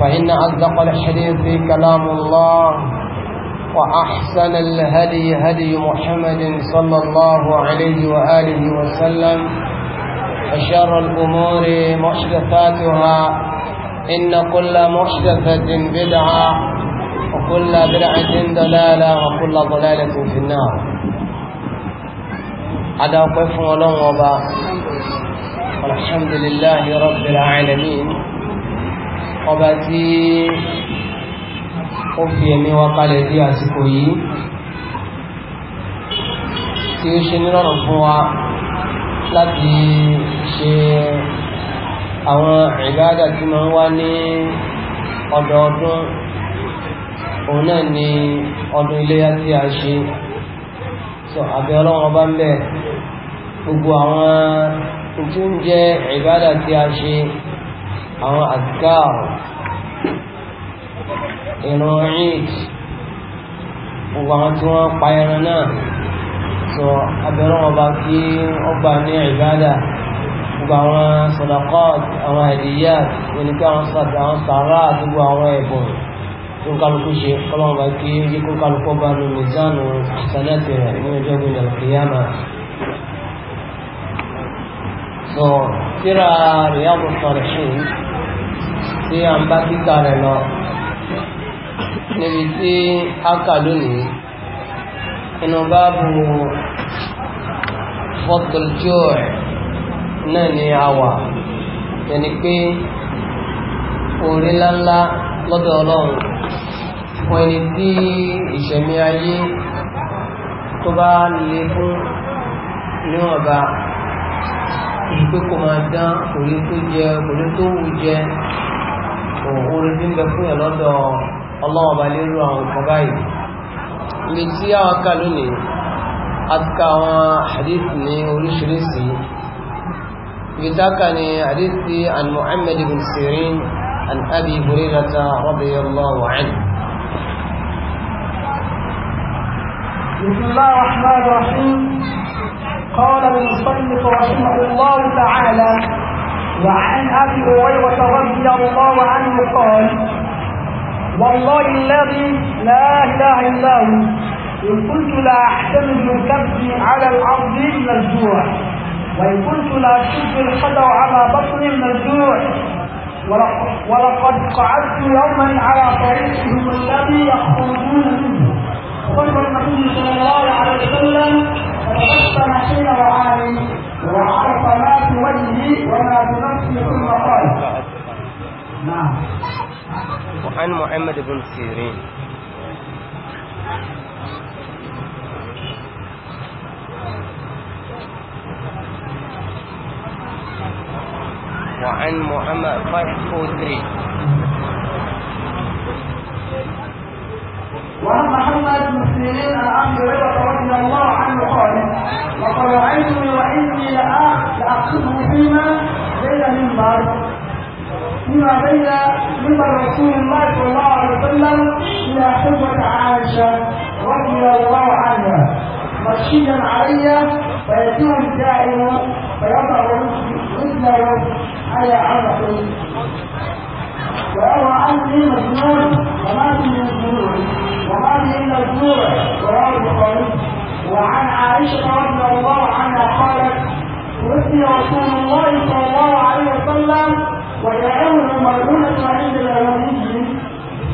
فإن أصدق الحديث كلام الله وأحسن الهدي هدي محمد صلى الله عليه وآله وسلم وشر الأمور محدثاتها إن كل محدثة بدعة وكل بدعة ضلالة وكل ضلالة في النار هذا قف ولن الحمد لله رب العالمين ọba tí ó fi ẹ̀mí wa kalẹ̀ di àsìkò yìí tí ó ṣe nírọ̀rùn fún wa láti ṣe àwọn ìbádà tí ma ń wá ní ọdọọdún òun náà ni ọdún iléyá tí a ṣe sọ àbẹ̀ ọlọ́run ọba ń bẹ̀ gbogbo àwọn tí ó ń tí a ṣe àwọn àgáàrù ìrun eid gbogbo àwọn tí wọ́n pa ẹran náà sọ abẹ́rẹ́ wọn bá kí ọgbà ní ìbádà gbogbo àwọn sọdakọ́t àwọn àdìyà oníkẹ́ àwọn sàdà àwọn sàrà àdúgbò àwọn ẹ̀bùn tó kálukú ṣe kọ́lọ́wọ́n bá kí yí kó kálukú bá nu mizanu sanẹ́tì rẹ̀ ní ọjọ́ gbogbo ìyàmà sọ tíra rìyàmù sọ̀rọ̀ ṣe tí a ń bá kíkà rẹ̀ lọ níbi tí a kà lónìí inú báàbù fọ́tòlùjọ́ ẹ̀ náà ni a wà yẹni pé orí ńláńlá lọ́dọ̀ ọlọ́run fún ẹni tí ìṣẹ̀mí ayé tó bá lè fún níwọ̀nba ìpé kò máa dán kò tó jẹ kò tó wù jẹ orí tí ń bẹ fún ẹ̀lọ́dọ̀ ọlọ́ọ̀bá lérú àwọn nǹkan báyìí ibi tí àwọn ká lónìí àtìkà àwọn hadith ní oríṣiríṣi ibi táka ni hadith tí an Muhammad ibn Sirin an Abi Hurairata radiyallahu قال المصنف رحمه الله تعالى وعن أبي هريرة رضي الله عنه قال والله الذي لا إله إلا هو إن كنت لا أحتمل كبدي على الأرض من الجوع وإن كنت لا أشد الخدع على بطني من الجوع ولقد قعدت يوما على طريقهم الذي يخرجون منه قلت النبي صلى الله عليه وسلم فتبسم حين رآني وعرف ما في وجهه وما في نفسه قال نعم وعن محمد بن سيرين وعن محمد 543 وعن محمد بن سيرين عن عبد وانتهينا من رسول الله صلى الله عليه وسلم إلى حجة عائشة رضي الله عنها مشيدا علي فيكون الدائم فيضع رجله على عرقه ويرى عني مجنون وما في مجنون وما في الا الجنون رواه البخاري وعن عائشه رضي الله عنها قالت توفي رسول الله صلى الله عليه وسلم ويدعون يقررون التوحيد الالوهي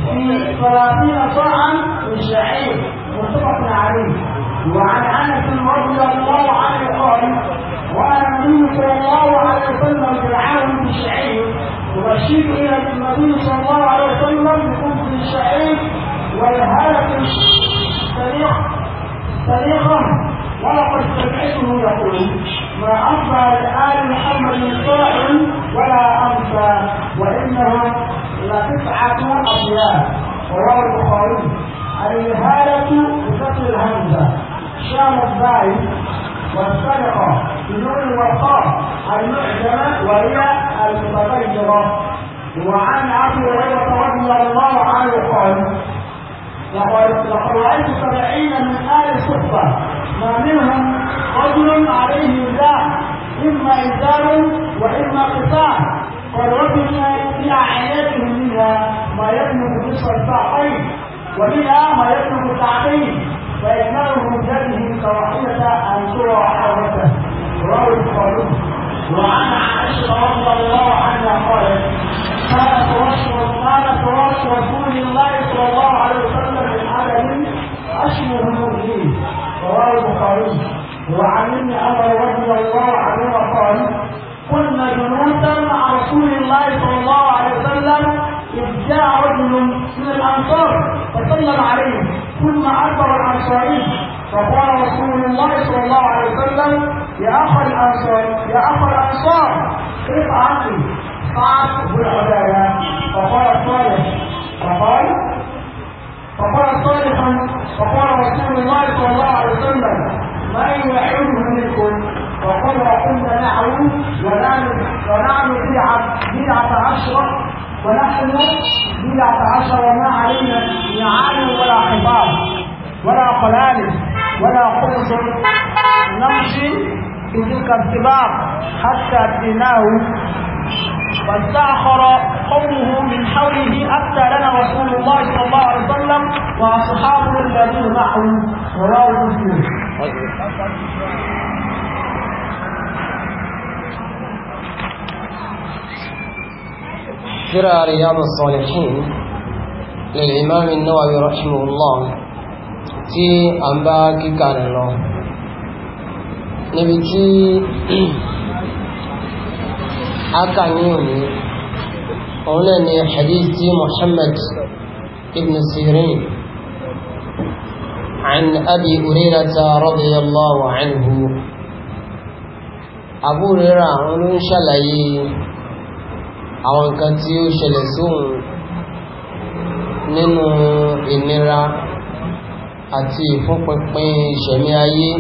في قراطين الطعام والشعير متفق عليه وعن انس رضي الله عنه قال وانا النبي صلى الله عليه وسلم في العالم بالشعير وبشير الى النبي صلى الله عليه وسلم بخبز الشعير والهلك الصريخ صريخا ولقد سمعته يقول ما اصبح الان محمد من صائم ولا أنسى وإنها لتسعة أبيات رواه البخاري الإهالة بفتح الهمزة شام الزايد والسرقة بدون وقاء المعجمة وهي المتغيرة وعن أبي هريرة رضي الله عنه قال لقد رأيت سبعين من آل الصفة ما منهم رجل عليه إما إنزال وإما قطاع والربنا في عيناتهم منها ما يبلغ نصف بالصلصاقين ومنها ما يبلغ التعقيم فإجمالهم بذاته كواحدة أن ترى حرمته رواه البخاري وعن عائشة رضي الله عنها قالت قالت رسول قالت رسول رسول الله صلى الله عليه وسلم للعالمين عدم أشبه المؤمنين رواه البخاري وعن ابن عمر رضي الله عنه كنا جلوسا مع رسول الله صلى الله عليه وسلم إذ جاء رجل من الأنصار فسلم عليه ثم أكبر الأنصاري فقال رسول الله صلى الله عليه وسلم يا اخو الأنصار يا اخو الأنصار كيف عني فعلت بالهدايا فقال صالح فقال فقال صالحا فقال رسول الله صلى الله عليه وسلم من يعلمه منكم وكنا كنا نعلم ونعلم ونعلم بضعة عشرة ونحن بضعة عشرة وما علينا نعال ولا حفاظ ولا قلال ولا قرص نمشي في تلك الكبار حتى أتيناه واستأخر قومه من حوله حتى لنا رسول الله صلى الله عليه وسلم وأصحابه الذين معه رواه مسلم ترى رياض الصالحين للإمام النووي رحمه الله tí a ń bá kíkà lọ níbi tí a kà ní òní òun náà ni hadith tí Muhammad ibn Sirin عن أبي هريرة رضي الله عنه أبو هريرة عنه شليه àwọn nǹkan tí ó ṣẹlẹ̀ sóhun nínú ìnira àti ìfúnpinpin ìṣẹ̀mí ayé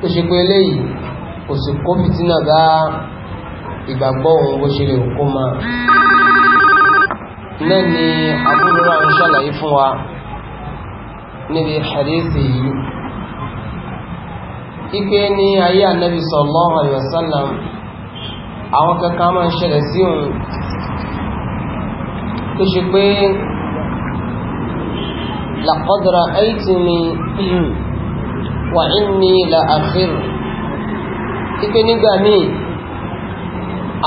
tó ṣe pé eléyìí kò sì kó fìtínà bá ìgbàgbọ́ òun bó ṣe lè kó máa náà ni àbúrúra ń ṣàlàyé fún wa níbi hadithi yìí ipé ní ayé ànábì sallallahu alaihi wasallam àwọn kankan máa ń ṣẹlẹ̀ sí òun tó ṣe pé làkọ́dọ̀rà ẹ̀yìtì ni wà ní ilà àfẹ́rù ipé nígbà míì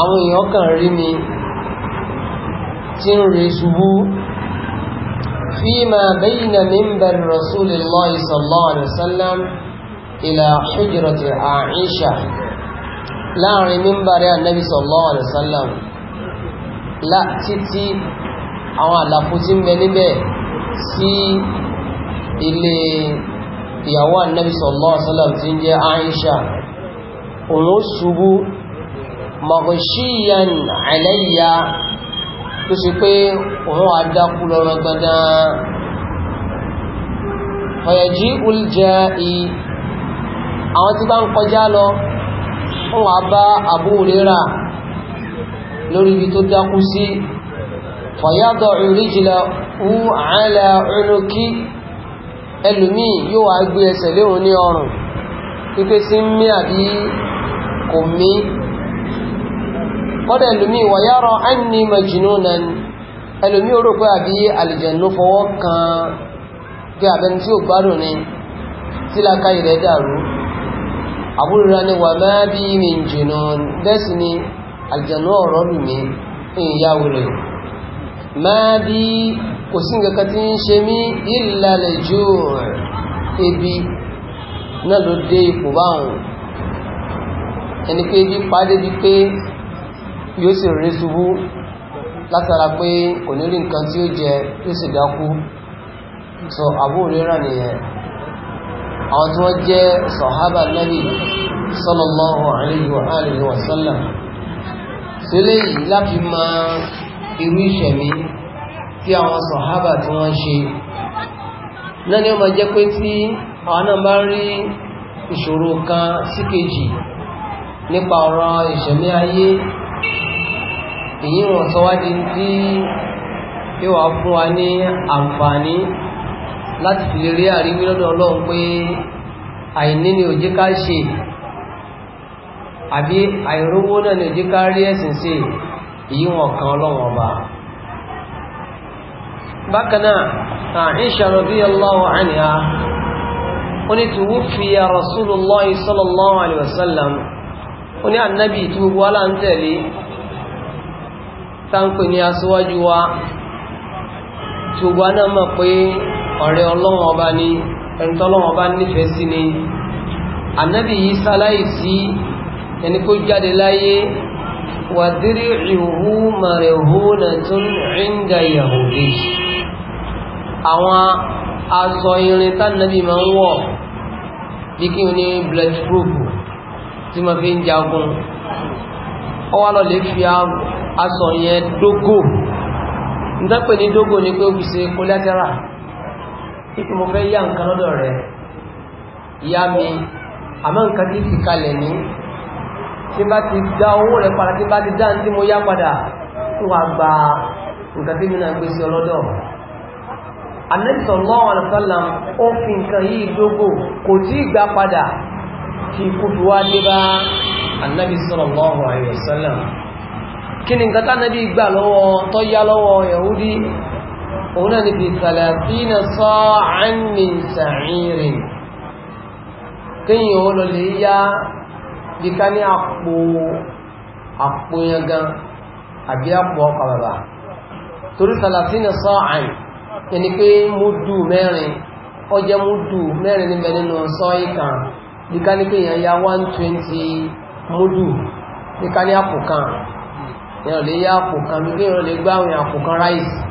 àwọn èèyàn kan rí ni tí ń rí ṣubú فيما بين منبر رسول الله صلى الله عليه وسلم إلى حجرة عائشة láàrin mímbàrẹ́ ànábì sallallahu alaihi wasallam títí àwọn àlàfo tí ń bẹ níbẹ̀ sí ilé ìyàwó ànábì sallallahu alaihi wasallam tí ń jẹ́ Aisha òun ó ṣubú maghshiyan alayya tó ṣe pé òun àdákú lọ́rọ̀ gbọ́dán ọ̀yẹ̀jí ulja'i àwọn tí bá ń kọjá lọ fún àbá Abu Hurairah lórí ibi tó dákú sí fọ̀yádọ̀ rijlahu ala unuki ẹlùmí yóò wá gbé ẹsẹ̀ léhun ní ọrùn pípé sí mí àbí kò mí kọ́dọ̀ ẹlùmí wayara anni majnunan ẹlùmí ó rò pé àbí àlìjẹ̀nú fọwọ́ kan pé àbẹni tí ò gbádùn ni tí lákàyè dàrú àbúrúra ni wà máa bí mi jùnà bẹ́ẹ̀sì ni àjànú ọ̀rọ̀ lù mí ìyàwó rẹ̀ máa bí kò sí nǹkan tí ń ṣe mí ìlàlẹ̀ jù ebi náà ló dé ipò báhùn ẹni pé bí pàdé bí pé yóò sì rí ṣubú látara pé kò ní rí nǹkan tí ó jẹ yóò sì àwọn tí wọ́n jẹ́ sọ̀hábà Nabi sallallahu alaihi wa alihi wa sallam sílé yìí láti ma irú ìṣẹ̀mí tí àwọn sọ̀hábà tí wọ́n ṣe náà ni ó ma jẹ́ pé tí àwọn náà bá rí ìṣòro kan sí kejì nípa ọ̀rọ̀ ìṣẹ̀mí ayé èyí wọ́n sọ wá di tí yóò fún wa ní àǹfààní láti fi lè rí àríwí lọ́dọ̀ ọlọ́run pé àìní ni òjí ká ṣe àbí àìrówó náà ni òjí ká rí ẹ̀sìn sí èyí wọn kan ọlọ́run ọba bákanáà Aisha radiyallahu anha ó sallallahu alaihi wasallam ó ní annabi tí gbogbo wá láńtẹ̀lé táǹpẹ̀ ọ̀rẹ́ ọlọ́wọ́n ọba ní ẹni tọ́lọ́wọ́n ọba nífẹ̀ẹ́ sí ni ànábì yìí sáláì sí ẹni kó jáde láyé wà dírí ìhú màrẹ̀hónà tó ń rìnda yahudi àwọn aṣọ irin tánàbì máa ń wọ̀ bí kí ní blood proof tí ma fi ń jagun ọ wá lọ lè fi aṣọ yẹn dógò ń dápẹ́ ní dógò ní pé ó fi ṣe collateral títí mo fẹ́ yá nǹkan lọ́dọ̀ rẹ̀ ìyá mi àmọ́ nǹkan tí ti kalẹ̀ ní tí bá ti dá owó rẹ̀ padà tí bá ti dá tí mo yá padà tó wà gba nǹkan tí mi náà gbé sí ọlọ́dọ̀ Ànábì sallallahu alaihi wasallam ó fi nǹkan yìí dógò kò tí ì gbà padà kí ikú fi wá dé bá Ànábì sallallahu alaihi wasallam kí ni nǹkan tánàbí gbà lọ́wọ́ tó yá lọ́wọ́ Yahudi òun náà ni fi sàlàfínà sa'an min sa'irin kíyàn ó lọ lè yá bí ká ní àpò àpò yangan àbí àpò ọkọ̀ bàbà torí sàlàfínà sa'an ẹni pé múdù mẹ́rin ó jẹ́ múdù mẹ́rin níbẹ̀ nínú sọ́ ìkan bí ká ní kíyàn yá 120 múdù bí ká ní àpò kan ìrọ̀lẹ́ àpò kan bí kí ìrọ̀lẹ́ àpò kan ráìsì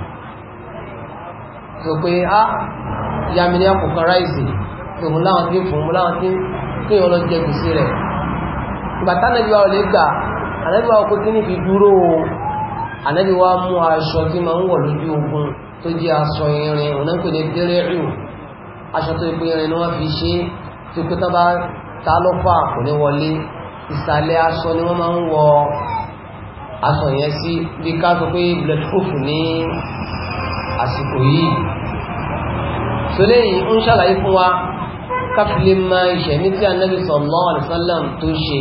tó pé ah, á ya mi ní àpòkan ráìsì tó mú láwọn tí ń fún mú láwọn tí ń pè lọ jẹ gbèsè rẹ̀ ìgbà tánàbí wa ò lè gbà ànábí wa kó kí níbi dúró ànábí wa mú aṣọ tí máa ń wọ̀ lójú ogun tó jẹ́ aṣọ irin òun náà pè ní dérẹ́rù aṣọ tó pé irin ni wọ́n fi ṣe tó pé tán bá ta lọ́fà kò ní wọlé ìsàlẹ̀ aṣọ ni wọ́n máa ń wọ aṣọ yẹn sí bí ká sọ pé bloodproof ní àsìkò yìí sọlẹ́ yìí ń ṣàlàyé fún wa káfílẹ̀ máa ìṣẹ̀mí tí anábì sallallahu alaihi wasallam tó ṣe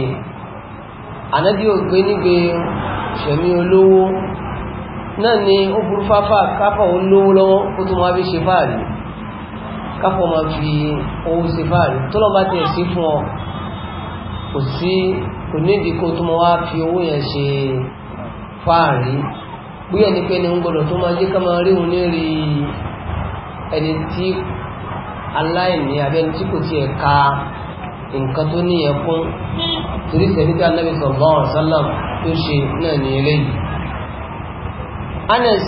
anábì ògbé nígbè ìṣẹ̀mí olówó náà ni ó burú fáfá káfọ̀ olówó lọ́wọ́ ó tún wá fi ṣe fáàrí káfọ̀ máa fi owó ṣe fáàrí tó lọ́ bá tiẹ̀ sí fún ọ kò sí kò nídìí kó tún wá fi owó yẹn ṣe fáàrí bóyá ní pé ní ń gbọdọ̀ tó máa jẹ́ ká máa rí òun ní rí ẹni tí aláìní àbí ẹni tí kò tiẹ̀ ka nǹkan tó ní yẹn kún torí sẹ́ni tí anábì sallallahu alaihi wasallam tó ṣe náà ní eléyìí. Anas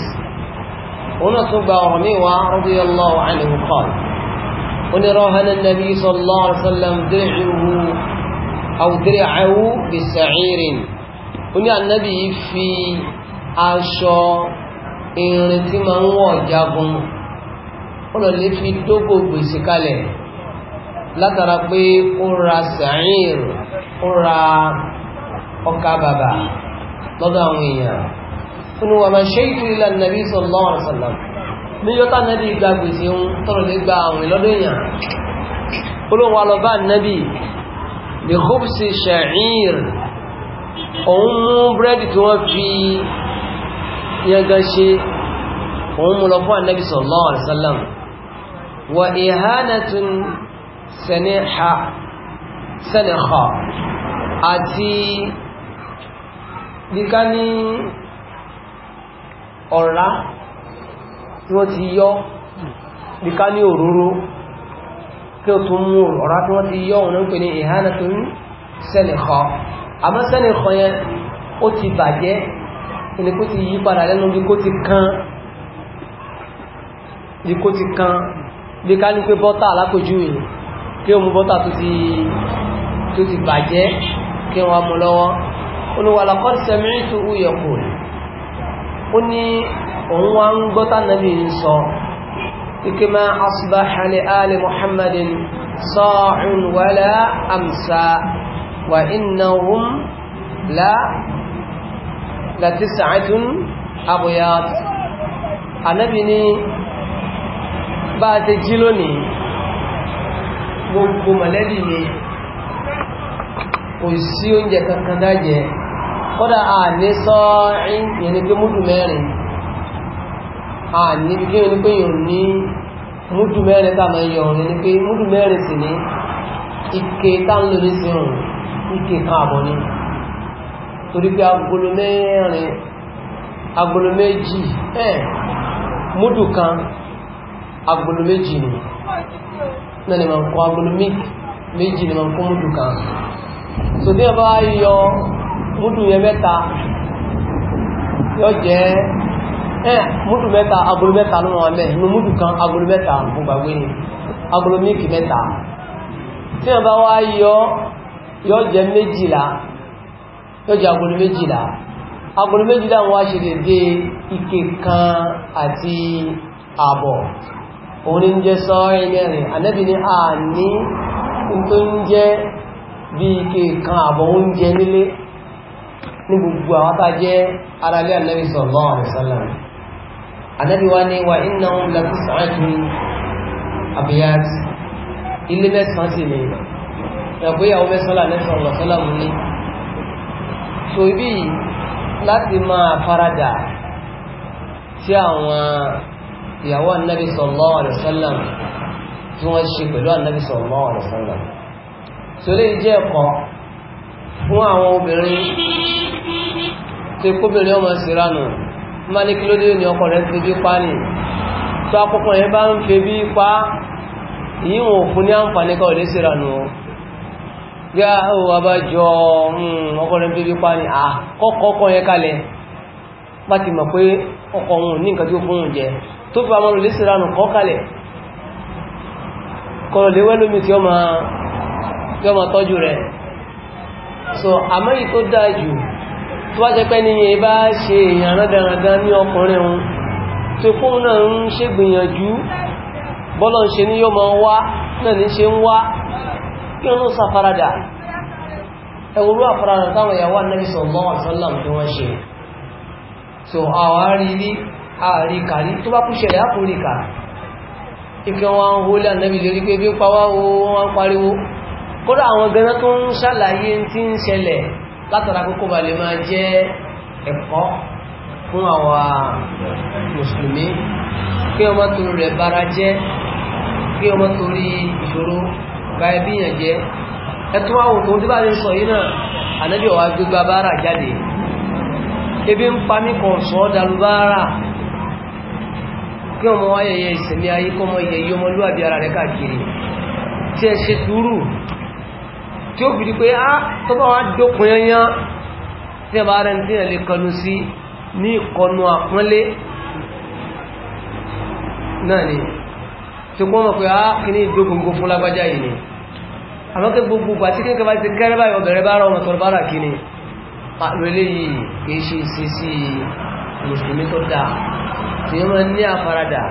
òun náà tún gba ọ̀rọ̀ mi wá radiyallahu anhu qala òun ni rahana nabi sallallahu alaihi wasallam dir'uhu aw dir'ahu bi òun ni anábì fi aṣọ irin tí ma ń wọ̀ jagun ó lọ lè fi dógò gbèsè kalẹ̀ látara pé ó ra sàáyìn ó ra ọkà bàbà lọ́dọ̀ àwọn èèyàn inú wa ma ṣe ìtú ilẹ̀ nàbí sallallahu alaihi wasallam níjọ́ta nàbí gba gbèsè ń tọrọ lè gba àwọn ìlọ́dọ̀ èèyàn olóhùn lọ bá nàbí lè hóbsì sàáyìn òun mú búrẹ́dì tí wọ́n fi yángan ṣe òun mú lọ fún annabi sallallahu alaihi wasallam wa ihanatun saniha saniha àti díká ní ọ̀rá tí wọ́n ti yọ́ díká ní òróró kí o tún mú ọ̀rá tí wọ́n ti yọ́ òun ń pè ní ihanatun saniha àmọ́ saniha yẹn ó ti bàjẹ́ ẹni kó ti yí padà lẹ́nu bí kó ti kan bí kó ti kan bí ká ní pé bọ́tà alápòjúwe kí o mú bọ́tà tó ti tó ti bàjẹ́ kí wọ́n mú lọ́wọ́ ó ní wàlá kọ́ sẹ́mìrì tó wù yẹ kù ó ní òun wá ń gbọ́tà nàbì ń sọ la láti sàátún àbòyà anábi ni bá ti jí lónìí gbogbo mọ̀lẹ́bí ni kò sí oúnjẹ kankan dájẹ́ kọ́dá a ní sọ́rin yẹni pé múdù mẹ́rin a ní bí kí o ní pé yìí ní múdù mẹ́rin tàbí yọ ní pé múdù mẹ́rin sì ní ike tánlórí sí rùn ike kan àbọ̀ ní torí pé agolo mẹ́rin agolo méjì ẹ̀ múdù kan agolo méjì ni náà ni ma ń kọ agolo méjì ni ma ń kọ múdù kan so bí ọba yọ múdù yẹn mẹ́ta yọ jẹ́ ẹ̀ múdù mẹ́ta agolo mẹ́ta ló wọ́n lẹ̀ inú múdù kan agolo mẹ́ta mo gbàgbé ni agolo mílìkì mẹ́ta tí ọba wá yọ yọ jẹ́ méjìlá lọ́jọ́ agolo méjìlá agolo méjìlá wọ́n ṣe dédé ike kan àti àbọ̀ òun ní jẹ́ sọ́ọ́rẹ́ mẹ́rin anẹ́bì ní a ní tó ń jẹ́ bí ike kan àbọ̀ oúnjẹ nílé ní gbogbo àwọn jẹ́ aráalé anẹ́bì sallallahu alaihi wa innahum latis'atun abiyat ilé mẹ́sàn-án sì ní ẹ̀kọ́ ìyàwó mẹ́sàn-án lànẹ́sàn mú ní so ibi láti máa faradà tí àwọn ìyàwó annabi sallallahu alaihi wasallam tí wọ́n ṣe pẹ̀lú annabi sallallahu alaihi wasallam so lè jẹ́ ẹ̀kọ́ fún àwọn obìnrin tí kóbìnrin ọmọ síranù má ní kí ló dé ní ọkọ rẹ̀ ti bí pa ní tó akọ́kọ́ yẹn bá ń fi bí pa yíwọ̀n fún ní àǹfààní kan ò lè síranù bí a ó abájọ hmm, ọkọ̀rẹ́ tó bí pa ní àkọ́kọ́ yẹn kalẹ̀ bá ti mọ̀ pé ọkọ̀ òun ní nǹkan tí ó fún jẹ tó fi àwọn olùlẹ́sì ránù kọ́ kalẹ̀ kọlọ̀lẹ́wẹ́ lómi tí ó ma tọ́jú rẹ̀ so àmọ́yí tó dáa tó jẹ́ pẹ́ ní ṣe ní ọkùnrin kí wọn náà sàfaradà ẹwúrú àfaradà táwọn ìyàwó Ànábì sallallahu alaihi wasallam tí wọ́n ṣe so àwárí rí àríkà rí tó bá kú ṣẹlẹ̀ áfíríkà ìkẹ́ wọn ń hólẹ̀ Ànábì lérí pé bí ń pawá wọn pariwo kódà àwọn gẹ́gẹ́ tó ń ṣàlàyé tí ń ṣẹlẹ̀ látara kókó bá lè máa jẹ́ ẹ̀kọ́ fún àwa mùsùlùmí kí ọmọ torí rẹ̀ bára jẹ́ kí ọmọ torí ìṣòro bá ẹbí yàn jẹ́ ẹtún wá wò tó dé bá lè sọ yìí náà ànábì ọ̀wá gbégbá bára jáde ebi ń pa mí kan sọ dàlú bára kí ọmọ ayẹyẹ ìsinmi ayé kọmọ yẹyẹ ọmọlúwàbí ara rẹ káàkiri tí ẹ ṣe sùúrù tí ó fìdí pé á tó bá wá dókun náà ni tí kọ́ mọ̀ pé á kí ní ìdókun gbó fún lágbájá yìí ni àmọ́kẹ́ gbogbo àti kéèkẹ́ bá ti kẹ́rẹ́ báyìí ọbẹ̀rẹ̀ bá rọrùn tọrọ bára kí ni àlúlé yìí kìí ṣe sí sí mùsùlùmí tó dáa tí yẹn máa ní àfaradà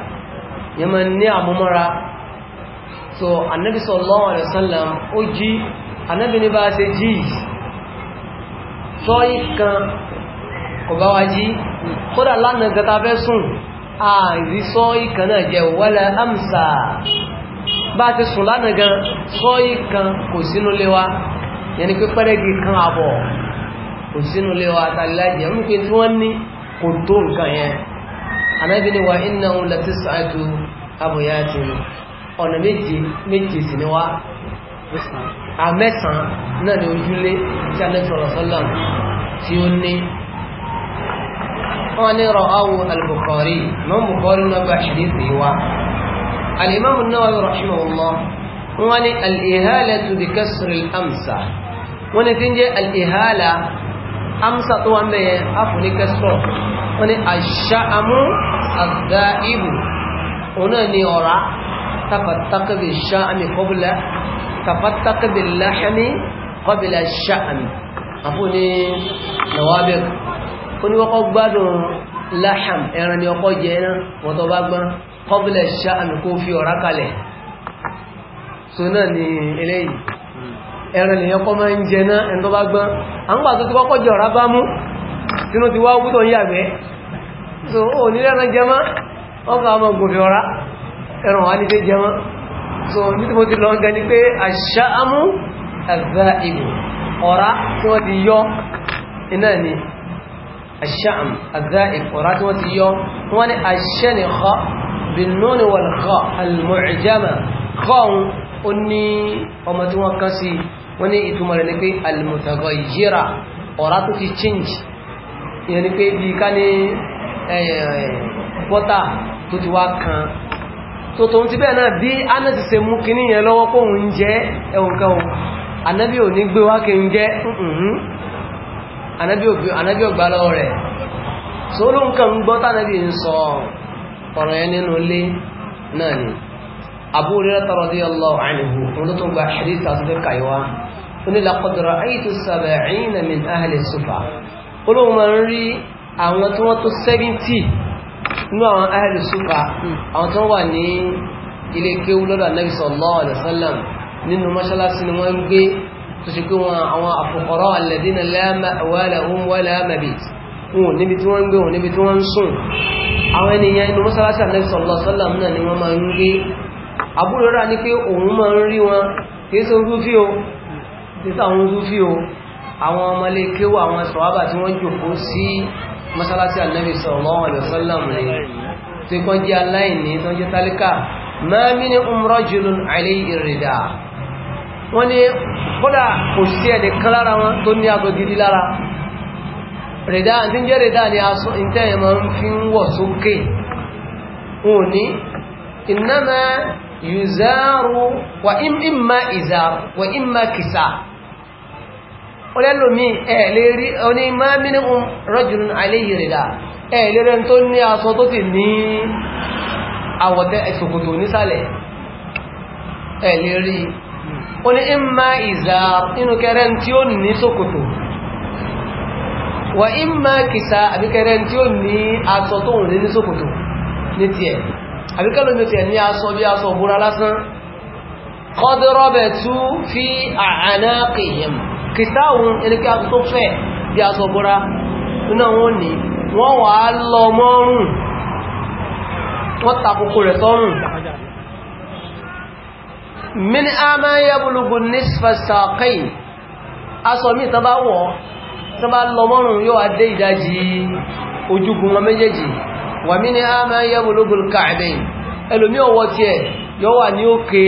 yẹn máa ní àmúmọ́ra so anabi sallallahu alaihi wasallam ó jí anabi ní bá ṣe jí tọ́yì kan kò bá wá jí kódà lánàá gata amsa bá ti sùn lánàá gan sọ́yì kan kò sínú lé wa yẹni pé pẹ́rẹ́gì kan àbọ̀ kò sínú lé wa tàbíláìjẹ́ wọ́n pé tí wọ́n ní kò tó nǹkan yẹn anábì ni wa iná òun láti sàájú abòyá ti rìn ọ̀nà méje méje sì ni wá àmẹ́sàn náà ni ojúlé tí anábì sọ̀rọ̀ sọ́lá tí ó ní wọ́n ní rọ̀ áwọ̀ al-Bukhari náà Bukhari náà bá ṣe ní ìwà الإمام النووي رحمه الله wọ́n ní al'ihalatu bi kasril amsa wọ́n ní tí ń jẹ́ al'ihala amsa tó wọ́n bẹ̀yẹ afúnni kasro wọ́n ní aṣa'amu agbáibu ọ̀nà ni ọ̀rá tafattakabi sha'ami kọbula tafattakabi lahami kọbula sha'ami afúnni nawabir wọ́n ní wọ́kọ́ gbádùn laham ẹran ni ọkọ̀ jẹ́ náà wọ́tọ̀ bá gbọ́n kọ́bílẹ̀ ṣáàmì kó fi ọ̀rá kalẹ̀ so náà ni eléyìí ẹran lèyàn kọ́ máa ń jẹ náà ẹni tó bá gbọ́n àǹgbà tó ti kọ́kọ́ jẹ ọ̀rá bá mú tínú ti wá gúdọ̀ yàgbẹ́ so ó nílẹ̀ ẹran jẹ mọ́ ọkà ọmọ gòfin ọ̀rá ọ̀rá بالنون والخاء المعجمة خاء أني أمتوا كسي وني إتمر لكي المتغيرة أراتو في change يعني كي بيكاني bọ́tà tó ti wá kan tó tó ń ti bẹ́ẹ̀ náà bí anẹ́sì ṣe mú kí níyàn lọ́wọ́ kó ń jẹ́ ẹ̀wọ̀n kan ohun anábí ò ní gbé wá kí ń jẹ́ anábí ò gbá lọ́wọ́ rẹ̀ tó ló ń kàn ń gbọ́ tánàbí ń sọ ọ̀rọ̀ yẹn nínú ilé náà ni Abu Hurairah radiyallahu anhu òun ló tún gba hadith àtúntò kàyíwá ó ní laqad ra'aytu sab'ina min ahli sufa olóhùn máa ń rí àwọn tí wọ́n tó 70 nínú àwọn ahli sufa àwọn tó wà ní ilé kéwú lọ́dọ̀ Ànábì sallallahu alaihi nínú mọ́ṣáláṣí ni wọ́n ń gbé tó ṣe pé wọn àwọn fuqara alladhina la ma'wa wọn níbi tí wọ́n ń gbé wọn níbi tí wọ́n ń sùn àwọn ènìyàn inú mọ́sálásí àlẹ́sọ̀lọ́sọ́làm náà ni wọ́n máa ń rí àbúrẹ́rà ní pé òun máa ń rí wọn kìí sí orúfí o kìí sí àwọn orúfí o àwọn ọmọlé kéwò àwọn sọ̀wábà tí wọ́n jòkó sí mọ́sálásí àlẹ́sọ̀lọ́sọ́làm rẹ̀dá tí ń jẹ́ rẹ̀dá ni aṣọ ìtẹ́ ẹ̀mọ̀ ń fi ń wọ̀ sókè wọn ni ìnáma yùzáàrù wà ìmá ìzáàrù wà ìmá kìsà olẹ́lòmí ẹ̀ẹ̀lérí oní máa mínú rọ́jùn aléyìí rẹ̀dá ẹ̀ẹ̀lérẹ́ tó ní aṣọ tó ti ní àwọ̀tẹ́ ẹ̀sòkòtò nísàlẹ̀ ẹ̀ẹ̀lérí oní ìmá ìzáàrù inú kẹrẹ tí ó ní sókòtò wà ń má kìsà àbíkẹrẹ tí ó ní aṣọ tó ń rí ní sókòtò ní tiẹ̀ àbíkẹ́lò ní tiẹ̀ ní aṣọ bí aṣọ búra lásán kọ́dọ̀rọ̀bẹ̀ tú fi àánà kìyàn kìsà òun ẹnikẹ́ aṣọ tó fẹ́ bí aṣọ búra nínú wọn ni tó bá lọ mọ́rùn yóò adé ìdájì ojúgun wọn méjèèjì wà mí ní àmà yẹ́bùlógún káàdé ẹlòmí ọwọ́ tí ẹ̀ yọ wà ní òkè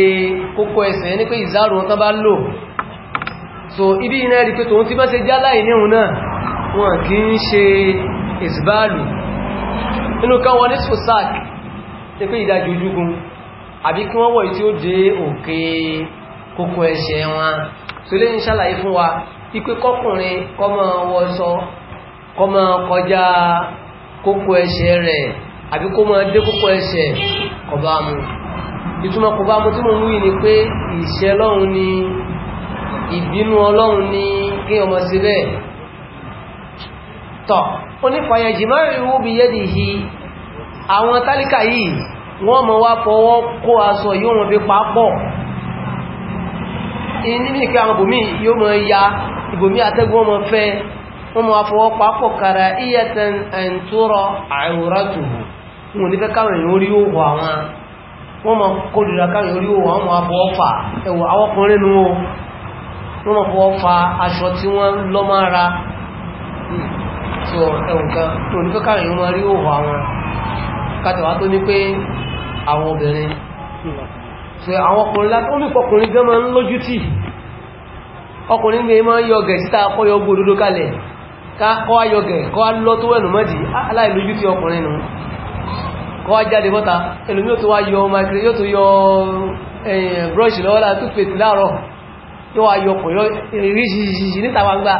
kókó ẹsẹ̀ ní pé ìzárù wọn tán lò so ibi iná rí pé tòun tí bá ṣe jálá ìníhun náà wọn kì í ṣe ìsìbáàlù inú kan wọ ní sọ́sák ní pé ìdájì ojúgun àbí kí wọ́n wọ̀ ipe kọkùnrin kọ́ máa wọṣọ kọ́ máa kọjá kókó ẹsẹ̀ rẹ̀ àbí kó máa dé kókó ẹsẹ̀ kò bá mu ìtumọ̀ kò bá mu tí mo ń wí ni pé ìṣẹ́ Ọlọ́run ni ìbínú Ọlọ́run ni kí ọmọ sí bẹ́ẹ̀ tọ̀ onífàyàjì máa rí wú bí yẹ́dì yí àwọn tálíkà yìí wọ́n mọ̀ wá fọwọ́ kó aṣọ yóò wọ́n fi papọ̀ nínú ìkẹ́ àwọn bòmí yóò mọ̀ ya ibòmí atẹ́gùn ọmọ fẹ́ wọ́n máa fọwọ́ papọ̀ kara iyẹ̀tẹ̀n ẹ̀ǹtúrọ̀ àìwòrán tòwò wọn ò ní fẹ́ káwọn èèyàn orí òwò àwọn wọ́n máa kórìíra káwọn orí òwò àwọn máa fọwọ́ fà ẹ̀wọ̀ àwọn ọkùnrin nu wọ́n máa fọwọ́ fa aṣọ tí wọ́n lọ́ máa ra hmm. sọ ẹ̀wọ̀n kan ní fẹ́ káwọn èèyàn àwọn obìnrin hmm. sọ àwọn ọkùnrin láti ó ní pọkùnrin gan ń lójú tì ọkùnrin ní ma ń yọgẹ̀ síta kọ́yọ gbòdòdó kalẹ̀ kọ́wá yọgẹ̀ kọ́wá lọ tó wẹ̀nù mọ́jì aláìlójú tí ọkùnrin nù kọ́wá jáde bọ́ta ẹlòmí yóò tó wá yọ micro yóò tó yọ brush lọ́wọ́lá toothpaste láàárọ̀ yóò wá yọ kọ̀yọ́ ríṣiṣiṣi níta gbangba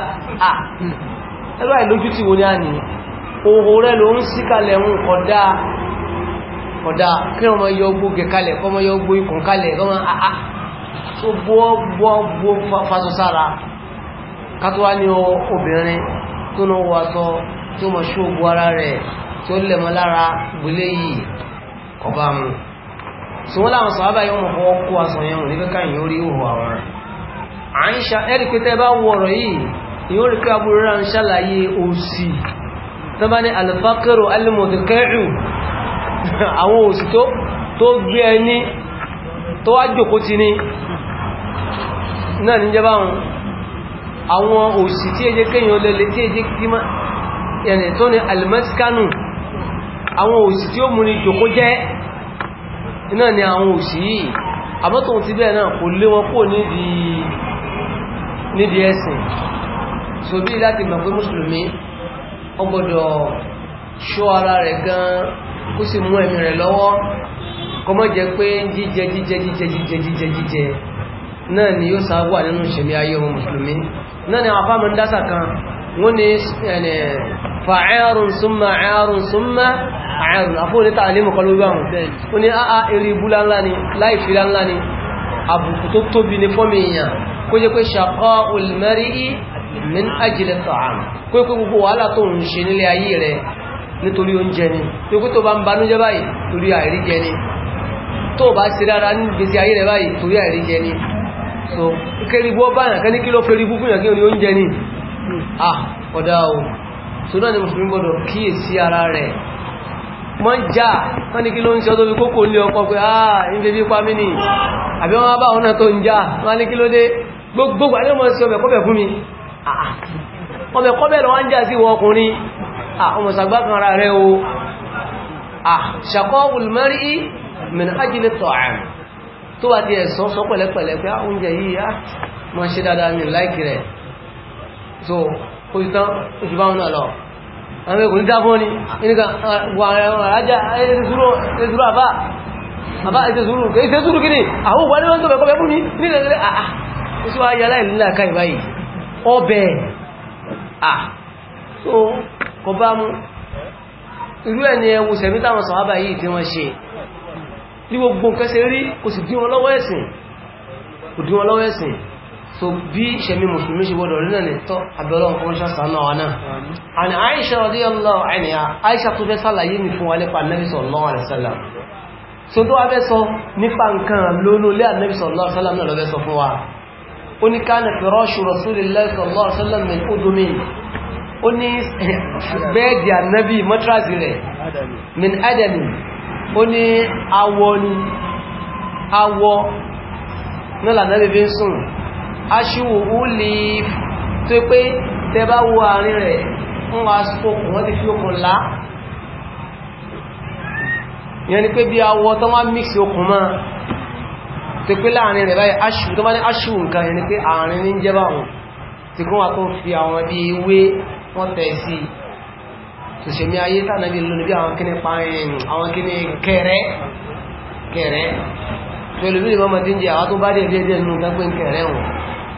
aláìlójú tí wo ní a nì ohun rẹ̀ ló ń sí kalẹ̀ ń kọ̀dá kọ̀dá kí wọ́n mọ yọ gbogbo kalẹ̀ kọ́ mọ yọ gbogbo ikùn kalẹ̀ kọ́ mọ tó gbọ́gbọ́ fásọ sára kátọ́wá ní obìnrin tó náà wà sọ tí ó mọ̀ ṣóògbó ara rẹ̀ tí ó lẹ̀mọ́ lára gbélé yìí ọba mu tí wọ́n láwọn sọ àbáyé wọn fọwọ́ kó aṣọ yẹn ní pẹ́ká ìyẹn orí ìhò àwọn àìṣà ẹ̀rì pé tẹ́ bá wọ̀rọ̀ yìí ìyẹn orí pé aburú rà ń ṣàlàyé òsì tó bá ní alifákẹ́rò alimọ̀dẹ́kẹ́rù tó wá jòkó ti ní náà ní jẹba wọn àwọn òsì tí èjé kéyàn lẹ́lẹ́ tí èjé kíma yẹni tó ní almaskanu àwọn òsì tí ó mú ní jòkó jẹ́ náà ni àwọn òsì yìí àmọ́tò ti bẹ́ẹ̀ náà kò lé wọn kó nídìí ẹ̀sìn so bí láti mọ̀ pé mùsùlùmí ọgbọ́dọ̀ ṣọ́ ara rẹ̀ gan kó sì mú ẹ̀mí rẹ̀ lọ́wọ́ kọmọ jẹ pé jíjẹ jíjẹ jíjẹ jíjẹ jíjẹ jíjẹ náà ni yóò sáwà nínú ìṣẹ̀lẹ̀ ayé ohun mùsùlùmí náà ni àfá mọ́ dásà kan wọ́n ni fa'arun súnmà àárùn súnmà àárùn àfóònítà alẹ́mù kọlọ́gbà wọn wọ́n ni a eré búlá ńlá ni láìfìlá ńlá ni àbùkù tó tóbi ní fọ́mì èèyàn kó jẹ́ pé ṣàkọ́ olùmẹ́rí min ajílẹ̀ tààm kó jẹ́ pé gbogbo wàhálà tó ń ṣe nílé nítorí oúnjẹ ni tó kó tó bá ń banújẹ́ báyìí torí àìrí jẹ ni tó bá sí rárá ní gbèsè ayé rẹ̀ báyìí torí àìrí jẹ ni so kẹrìbú ọba yàn kẹ́ni kí ló kẹrìbú fún yàn kí ni oúnjẹ ni ah ọ̀dá o so náà ni mùsùlùmí gbọdọ̀ kíyè sí ara rẹ̀ mọ́ já wọ́n ní kí ló ń ṣe ọdọ́ fi kókò ní ọkọ̀ pé ah ìfẹ́ bí pamí ni àbí wọ́n bá wọn náà tó ń já wọ́n ní kí ló dé gbogbo àdé mọ́ sí ọbẹ̀ kọ́bẹ̀ fún mi ọbẹ̀ kọ́bẹ̀ lọ wọ́n ṣàkọ́ wùlmẹ́rí mẹ́nà ájílẹ̀ tọ̀ àmì tó wà di ẹ̀sán sọ pẹ̀lẹ́pẹ̀lẹ́ pé oúnjẹ yìí á mọ́ ṣe dáadáa mi láìkì rẹ̀ so ojú tán ojú bá wọn lọ àwọn ẹgbẹ̀rún dábọ́ ni nígbà wà rájá ẹ̀ẹ́dẹ̀súrò àbá àbá ẹ̀ẹ́dẹ̀súrò ẹ̀ẹ́dẹ̀súrò gidi àwọn òwúwà níwọ̀n tó bẹ̀kọ́ bẹ̀kú ní nílẹ̀lẹ́lẹ́ àà ó sì wá yà láìlélà káì báyìí ọbẹ̀ à so kọ bá mú irú ẹni ẹwù sẹ̀mítàwọn sọ̀hábà yìí tí wọ́n ṣe bí gbogbo nǹkan ṣe rí kò sì dí wọn lọ́wọ́ ẹ̀sìn kò dí wọn lọ́wọ́ ẹ̀sìn so bí ìṣẹ̀mí mùsùlùmí ṣe gbọ́dọ̀ rí náà ní tọ́ abẹ́lọ́wọ́n kọ́ ṣá sànú àwọn náà àni Aisha radiyallahu anha Aisha tó fẹ́ sàlàyé mi fún wa nípa Ànábì sallallahu alaihi wasallam so tó wá fẹ́ sọ nípa nǹkan lólólé Ànábì sallallahu alaihi wasallam náà lọ́fẹ́ sọ fún wa ó ní kana firashu rasulillahi sallallahu alaihi bẹ́ẹ̀dì Ànábì mọ́tírasì rẹ̀ min adami ó ní awọ ni awọ nílà náà bíbí ń sùn aṣíwò ó lè tó pé tẹ bá wo àárín rẹ̀ ń wá spoke wọ́n ti fi okùn lá ìyẹn ni pé bí awọ tó wá mix okùn mọ́ tó pé láàrin rẹ̀ báyìí aṣíwò tó bá ní aṣíwò nǹkan ìyẹn ni pé àárín ní jẹ́ báwọn tí kún wà tó fi àwọn bí ewé wọ́n tẹ̀ sí i ìṣẹ̀mí ayé tànàbí lónìí bí àwọn kíní pààrin àwọn kíní kẹrẹ kẹrẹ pẹ̀lú bí ìmọ̀mọ̀ tí ń jẹ àwọn tó bá dẹ̀ díẹ̀ díẹ̀ nínú gbẹ́gbẹ́ kẹrẹ wọn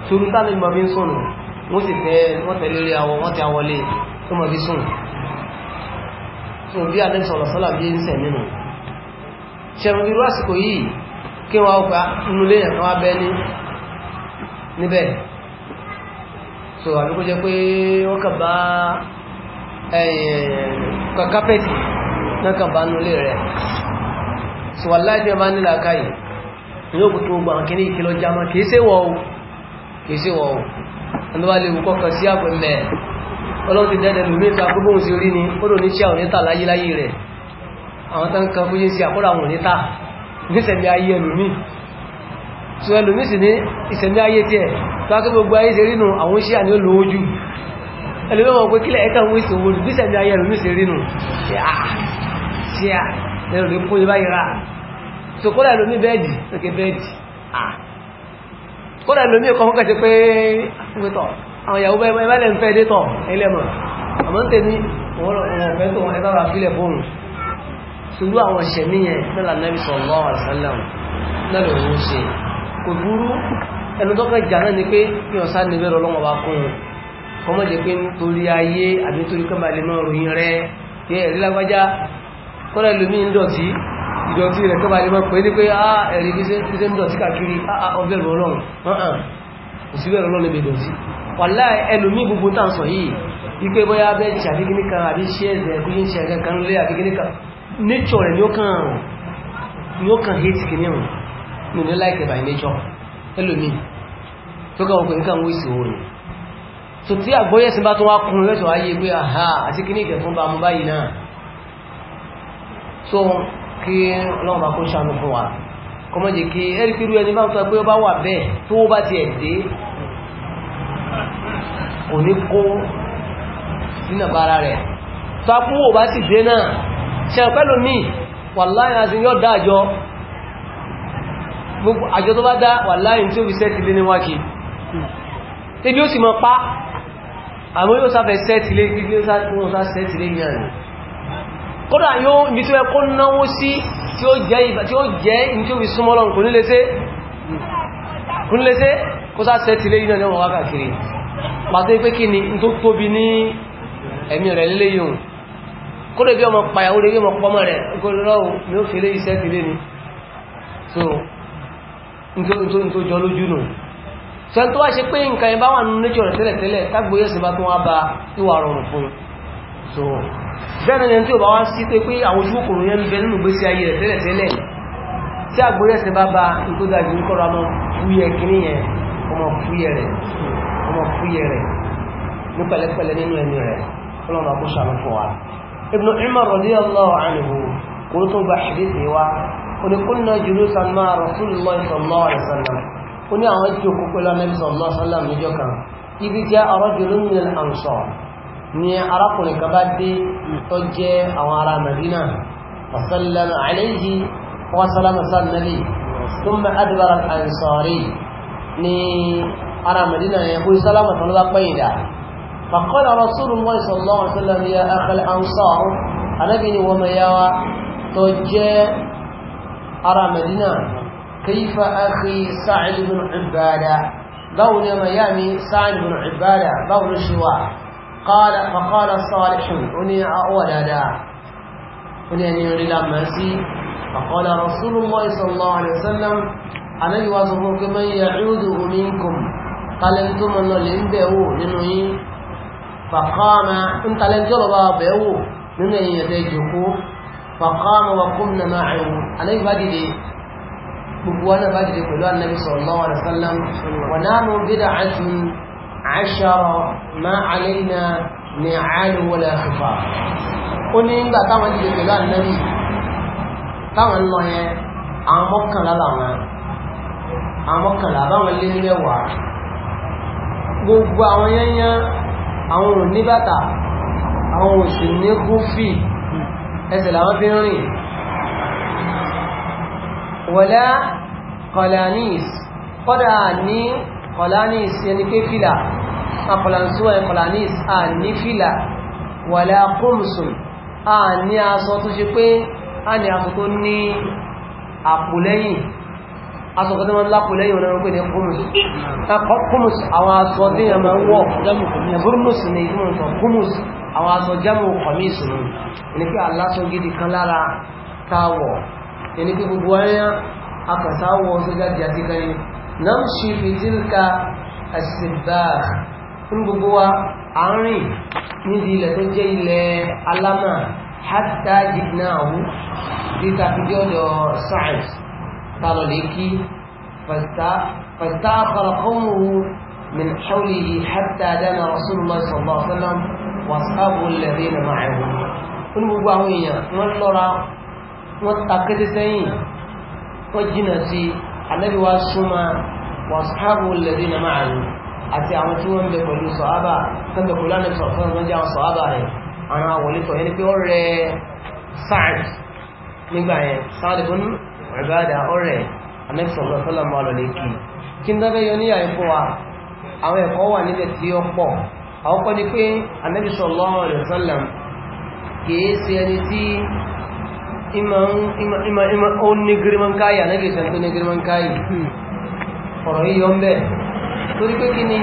torú tàbí mọ̀ bí ń sùn wọ́n sì tẹ́ wọ́n tẹ̀lé rí àwọn wọ́n tẹ́ àwọlé tó mọ̀ bí sùn fún bí alẹ́ sọ̀rọ̀ sọ́là bí ń sẹ̀ nínú ṣẹ̀rùn irú àsìkò yìí kí wọ́n ọkà inú lè yàn wá bẹ́ ní níbẹ̀ so àbíkó jẹ́ pé wọ́n kà bá Eh, kàkápẹ́tì náà kàn bá nú lè rẹ̀ so wà láti ọba nílà káyì ní ó kùtù ogun àwọn kìíní ìkìlọ jama kìí sí wọ́ kìí sí wọ́ ẹni wá lè wù kọ́kọ́ sí àpò mẹ́ ọlọ́run ti dẹ́dẹ̀ lómi ìta gbogbo òun sí orí ni ó lò ní tí àwọn oníta láyé láyé rẹ̀ àwọn tó ń kan fúyé sí àkọ́rọ̀ àwọn oníta nísẹ̀mí ayé ẹlòmí so ẹlòmí sì ní ìsẹ̀mí ayé tiẹ̀ tó akẹ́ gbogbo ayé ṣe rí nu àwọn iṣẹ́ àní ó lówó jù ẹlẹ́wọ̀n pé kílẹ̀ ẹ̀kà wọ́n ìṣòwò ìbísẹ̀ ní ayẹ̀rù ní ìṣerínù tí a tí a lẹ́rù ní kó ibá yìí rà so kọ́lá ẹlòmí bẹ́ẹ̀dì lókè bẹ́ẹ̀dì kọ́lá ẹlòmí ọkọ̀ fún kẹsẹ̀ pé wẹ́tọ̀ àwọn ìyàwó bẹ́ẹ̀ lẹ́ ń fẹ́ dé tọ̀ ẹlẹ́mọ̀ àmọ́ ń tẹ̀mí wọ́n fẹ́ tó wọn ẹ bá wà fílẹ̀ fóònù sùúrù àwọn ìṣẹ̀mí yẹn nílà nàbì sallallahu alaihi wasallam náà lòun ṣe kò burú ọmọ jẹ́ pé nítorí ayé àbí nítorí kọ́mà lè mọ́ ròyìn rẹ̀ yẹ ẹ̀rí lágbájá kọ́lá ìlúmí ń dọ̀tí ìdọ̀tí rẹ̀ kọ́mà lè mọ́ pé ní pé á ah, ẹ̀rí bí ṣe ń dọ̀tí káàkiri ọbẹ̀rù ah, ah, ọlọ́run òsìbẹ̀rù ọlọ́run ibi dọ̀tí wàlá ẹlòmí gbogbo tá à ń sọ yìí wípé bóyá abẹ́ ti ṣàbíkíní like by nature ẹlòmí tó kàn wọ́n pè ní so tí àgbóyẹ̀ sí bá tó wá kún lẹ́tọ̀ ayé pé àhá àti kí ní ìkẹ̀kún bá mú báyìí náà so kí ọlọ́run bá kó ṣàánú fún wa kọmọ́jẹ̀ kí ẹ̀rí pírú ẹni bá ń sọ pé ó bá wà bẹ́ẹ̀ tó bá ti ẹ̀dẹ́ kò ní kó sínú bara rẹ̀ tó apú ò bá sì dé náà ṣe pẹ́lú mi wàláyé àti yọ́ dá àjọ àjọ tó bá dá wàláyé tí ó fi sẹ́ẹ̀tì sì mọ pa àmọ́ yóò sáfẹ́ sẹ́tìlé gbígbé yóò sá sẹ́tìlé yàn ní kódà yóò ibi tí ó kó náwó sí tí ó jẹ́ ìbá tí ó jẹ́ in tí ó fi súnmọ́ lọ kúnlẹ́sẹ́ kó sá sẹ́tìlé yàn ní wọ́n káàkiri pàtó pé kí ni tó tóbi ní ẹ̀mí rẹ̀ lílé yìí kódà bí ọmọ pàyàwó rẹ̀ yóò pọ́mọ rẹ̀ gbọ́dọ̀lọ́wọ́ ni ó fi lé iṣẹ́ tìlé ni so nítorí tó jọ lójú nù sọ tó wá ṣe pé nǹkan ẹ bá wà nínú nature rẹ̀ tẹ́lẹ̀tẹ́lẹ̀ tágbóyè sí bá tó wá ba ìwà rọrùn fún so bẹ́ẹ̀ ni tí ó bá wá sí pé pé àwọn ojú kòrò yẹn ń bẹ nínú gbésí ayé rẹ̀ tẹ́lẹ̀tẹ́lẹ̀ tí àgbóyè sí bá ba nǹkó dájú ń kọ́ra mọ́ fúyẹ́ kìíní yẹn ọmọ fúyẹ́ rẹ̀ ọmọ fúyẹ́ rẹ̀ ní pẹ̀lẹ́pẹ̀lẹ́ nínú ẹni rẹ̀ ọlọ́run àbúṣà ló fún ó ní àwọn jókòó pẹ̀lú anẹ́bìsọ̀ lọ́sọ́lọ́m níjọ́ kan ibi jẹ́ arọ́jùlún ní àǹsọ̀ ni arákùnrin kan bá dé tó jẹ́ àwọn ará Madina wasallam alayhi wasallam sannali thumma adbara al-ansari ni ará Madina كيف أخي سعد بن عبادة بون ميامي سعد بن عبادة بون شواء قال فقال صالح أني أولادا أني أني رلا مسي فقال رسول الله صلى الله عليه وسلم أنا وصفك من يعوده منكم قال انتم أنه لنبئوا لنهي فقام انت لن جلبا بئوا لنهي يتجكوا فقام وقمنا معه أنا بدي gbogbo wọn náà bá dìde pẹ̀lú annabi sallallahu alaihi wasallam wa nahnu bid'atun ashara ma alaina ní àárín wọlé àfífà ó ní ń gbà táwọn dìde pẹ̀lú annabi táwọn ń lọ yẹn àwọn mọ́kànlá làwọn àwọn mọ́kànlá báwọn lé mẹ́wàá gbogbo àwọn yẹnyẹn àwọn ò ní bàtà àwọn ò sì ní kúfì ẹsẹ̀ làwọn fi ń rìn wala kọlanis kọ́dà ní kọlanis yẹni pé fìlà àkọlànsó ẹ̀ kọlanis a ní fìlà wala kúmsùn a ní aṣọ tó ṣe pé a ní aṣọ tó ní àpòlẹ́yìn aṣọ tó wọ́n lápòlẹ́yìn wọn pé ní kúmùs àwọn aṣọ tí a ẹni kí gbogbo ẹ̀yà akàtàwọ̀ sójá jàdí kan ní náà ń ṣe fi tílka àṣìbà fún gbogbo wa àárín níbi ilẹ̀ tó jẹ́ ilẹ̀ alámà hátà jìgnáàwó bí tàbí ọ̀dọ̀ sáàs tààlọ̀ kí fàtà àkọlọ̀kọ́mù من حوله حتى دنا رسول الله صلى الله عليه وسلم واصحابه الذين معه. كل مباوية من لرا wọ́n takété sẹ́yìn wọ́n jìnà sí anábì wa súnmọ́ wọ́n sáàbù lẹ́dí na máa rú àti àwọn tí wọ́n bẹ pẹ̀lú sọ̀hábà tán bẹ pẹ̀lú ànẹ́bì sọ̀fẹ́ wọn jẹ́ àwọn sọ̀hábà rẹ̀ àwọn àwọlítọ̀ yẹn ni pé ó rẹ Sa'd nígbà yẹn Sa'd bun Ubada ó rẹ ànẹ́bì sọ̀fẹ́ sọ́lá tí ó ní gírímọ̀n káyì ànábì ìsẹ̀ tó kaya gírímọ̀n káyì negeri hmm. yíyọ kaya, orang torí pé kí ni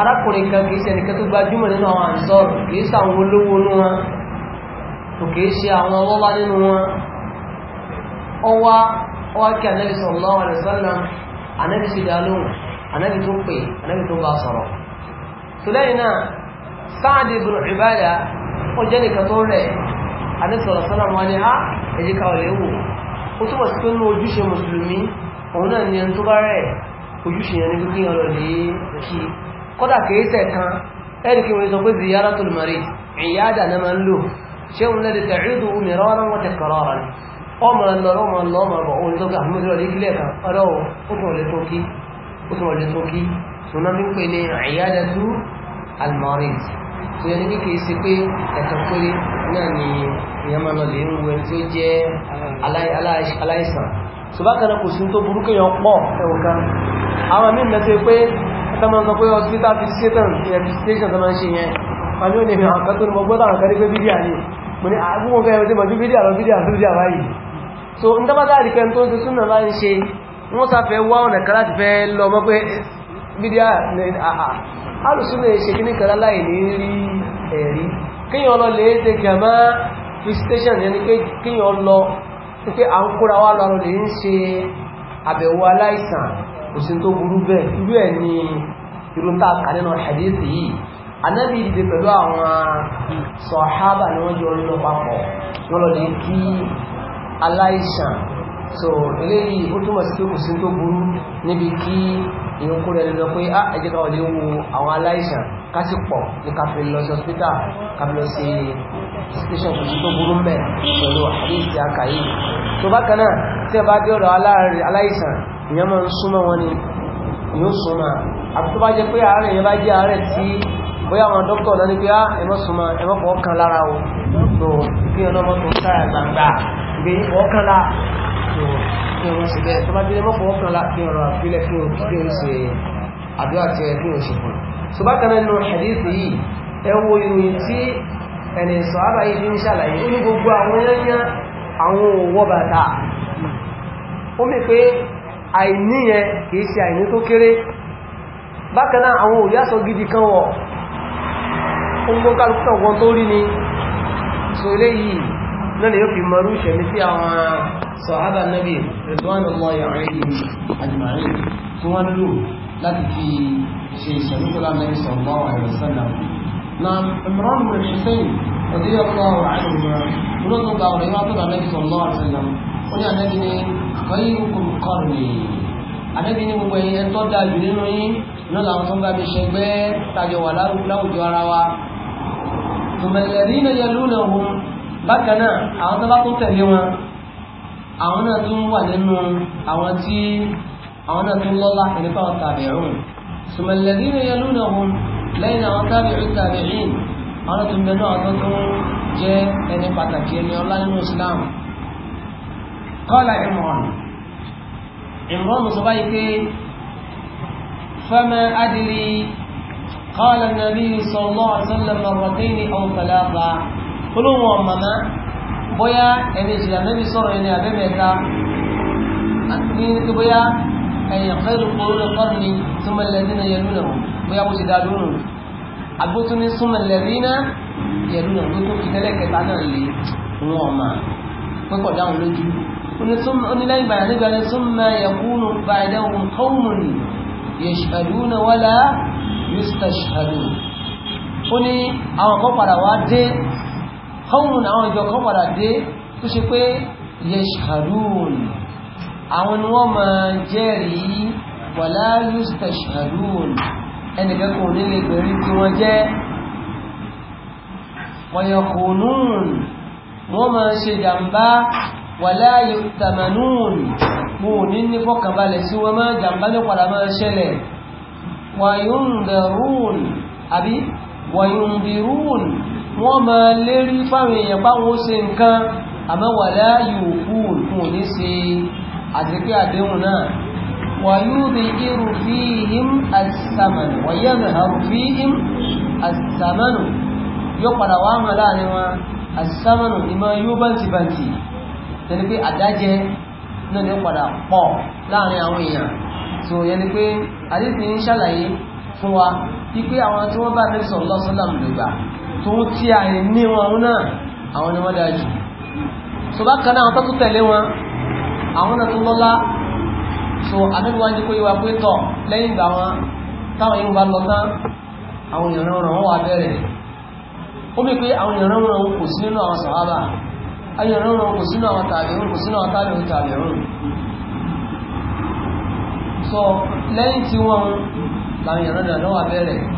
arákùnrin kan kìí ṣe ni tó gbajúmọ̀ nínú àwọn àǹsọ́rù kìí ṣe àwọn olówó inú wọn kò kìí ṣe àwọn ọlọ́lá nínú wọn ọwá ọwá kí ànábì sallallahu alaihi wasallam ànábì sì dá lóhùn ànábì tó pè ànábì tó bá sọ̀rọ̀ tó lẹ́yìn náà Sa'd ibn Ubadah ó jẹ́ àdẹ́sọ̀rọ̀ sọ́nà wọn ni á ẹ̀jẹ̀ká ọ̀lẹ́ wò ó túnbọ̀ sí pé ní ojúṣe mùsùlùmí òun náà ni ẹni tó bá rẹ̀ ojúṣe yẹn ní kí ọ̀rọ̀ lè kí kọ́dà kéésẹ̀ kan ẹ̀rì kí wọ́n sọ pé ziyara tó lùmọ̀rí ìyáàdà náà máa ń lò ṣé òun lẹ́dẹ̀ tẹ̀rídù omi rọ́rọ́ wọn ti kọ̀rọ̀ rẹ̀ ọmọ lọ́rọ́ ọmọ lọ́ ọmọ bọ̀ òun tó ga àmúdé ọ̀lẹ́ náà ni èèyàn máa lọ lè ń wo ẹni tí ó jẹ́ aláìsàn ṣùgbọ́n kò sí tó burúkú yọ pọ̀ ẹwọ̀ká àwọn mí mẹ́sẹ̀ pé ẹ̀tọ́mọ́ sọ pé hospital visitation investigation tó máa ń ṣe yẹn wọ́n ní òní àwọn kan tó ní mọ́ gbọ́dọ̀ àwọn kan bídíà ni mo ní àgbúmọ̀ ah, fẹ́ ẹ̀rọ tí bídíà lọ bídíà lọ bídíà báyìí so n tábátá àdìpẹ́ tó ń ṣe súnà bá ń ṣe wọ́n sáfẹ́ wá ọ̀nà kan láti fẹ́ lọ mọ́ pé bídíà ní àhà ah, ah, alùsùn lè ṣe kíníkan láì ní rí ẹ̀rí kíyàn lọ lè ṣe jẹ̀mọ́ visitation yẹni pé kíyàn lọ pípé à ń kóra wá lọ lè ń ṣe àbẹ̀wò aláìsàn kò sí tó burú bẹ́ẹ̀ irú ẹ̀ ni irú tá a kà nínú hadith yìí anábì ìdìde pẹ̀lú àwọn sọ̀hábà ni wọ́n jọ lọ papọ̀ wọ́n lọ lè kí aláìsàn so eléyìí ó túmọ̀ sí pé kò sí tó burú níbi kí ìyẹn kó lẹ́nu lọ pé á ah, ẹjẹ́ káwọn lè wo àwọn aláìsàn kásì pọ̀ ní káfí lọ sí hospital káfí lọ sí station kò sí tó burú mẹ́ pẹ̀lú àdéhìsí àkàyè tó bákan náà tí ẹ bá dé ọ̀dọ̀ aláìsàn ìyẹn máa ń súnmọ́ wọn ni yóò súnmọ́ àti tó bá jẹ́ pé àárẹ̀ yẹn bá jẹ́ àárẹ̀ tí bóyá àwọn dókítà náà ní pé á ah, ẹ má súnmọ́ ẹ má fọwọ́ kan lára o tó kí ọlọ́mọ tó ń ọ̀rọ̀ sí bẹ́ẹ̀ tó bá délé mọ́ fọwọ́ kan láti ọ̀rọ̀ àfilẹ̀ fún òkúté ṣe àdúrà tí ẹ fún òṣèkùn tó bá kan nínú hadith yìí ẹ wo ìròyìn tí ẹni sọ̀hábà yìí fi ń ṣàlàyé ó ní gbogbo àwọn yányán àwọn òwò bàtà ó mẹ́ pé àìní yẹn kìí ṣe àìní tó kéré bákan náà àwọn òyásọ gidi kan wọ̀ ohun tó kálukú tó rí ni so eléyìí náà lè yóò fi mọrú ìṣẹ̀lẹ̀ sí àwọn sọ̀hábà nẹ́bí ridwanullahi alaihim ajma'in tí wọ́n lò láti fi ṣe ìṣẹ̀lúkọ́lá nẹ́bí sallallahu alaihi wasallam na Imran bin Hussein radiyallahu anhu olóòtú gba ọ̀rọ̀ ìwà tọ́lá nẹ́bí sallallahu alaihi wasallam ó ní ànẹ́bí ní khayrukum qarni ànẹ́bí ní gbogbo ẹ̀yẹ tó dáa jù nínú yín náà làwọn tó ń bá mi ṣẹgbẹ́ tàjọ wà láwùjọ ara àwọn náà tún wà nínú àwọn tí àwọn náà tún lọ́lá ẹni fáwọn tàbí'ùn sùmọ̀lẹ́dí ni yalunahum lẹ́yìn àwọn tàbí'ù tàbí'ìn àwọn tó ń bẹ náà tó tún jẹ́ ẹni pàtàkì ẹni ọlá nínú Islam qala Imran Imran sọ báyìí pé fama adìrí qala an-nabi sallallahu alaihi wasallam bóyá ẹni ìṣẹ̀lẹ̀ ànábì sọ̀rọ̀ ẹni àbẹ́mẹ̀ta ní pé bóyá ẹ̀yìn khairu quruni qarni thumma alladhina yalunahum bóyá bó ṣe dá lóòrùn agbótún ní thumma alladhina yalunahum gbótún ìtẹ́lẹ̀ kẹta náà lè wọn ọ̀ma pẹ́kọ̀ dáhùn lójú onílẹ́yìn gbàdá nígbà ní thumma yakunu ba'dahum qawmun yashhaduna wala yustashhadun ó ní àwọn kan padà wá dé kọ́wùn àwọn ìjọ kan padà dé tó ṣe pé yashhadun àwọn ni wọ́n máa jẹ́rìí wala yustashhadun ẹnìkan kò ní lè gbẹ̀rí tí wọ́n jẹ́ wọ̀yọ̀kùnún wọ́n máa ṣe jàmbá wala yutamanun mo ní ní fọ́kànbalẹ̀ sí wọ́n máa jàmbá ní padà máa ṣẹlẹ̀ wayundarun àbí wayundirun wọ́n ma lérí fáwọn èèyàn báwọn ó ṣe nǹkan àmọ́wàlá yòókù nǹkan ní ṣe àtẹ́kẹ́ àdéhùn náà wà yóò bí irú fi him àtìsàmànù wàyẹ́ àrù fi him àtìsàmànù yóò padà wá mọ̀ láàrin wọn àtìsàmànù ìmọ̀ yóò bántibántì tẹ́lẹ̀ pé àdájẹ́ náà ní padà pọ̀ láàrin àwọn èèyàn tó yẹ ni pé àdéhùn ń ṣàlàyé fún wa wípé àwọn tí wọ́n bá nẹ́sọ̀ lọ́sọ́lá tó tí a ní wọn náà àwọn ni wọ́n dájú so bákan náà tó tó tẹ̀lé wọn so àdúgbò wájú kó yíwa pé tọ̀ lẹ́yìn ìgbà wọn táwọn irun lọ tán àwọn èèyàn rán wọn wà bẹ̀rẹ̀ ó bí pé àwọn èèyàn rán wọn kò sí nínú àwọn so lẹ́yìn tí wọ́n làwọn èèyàn wà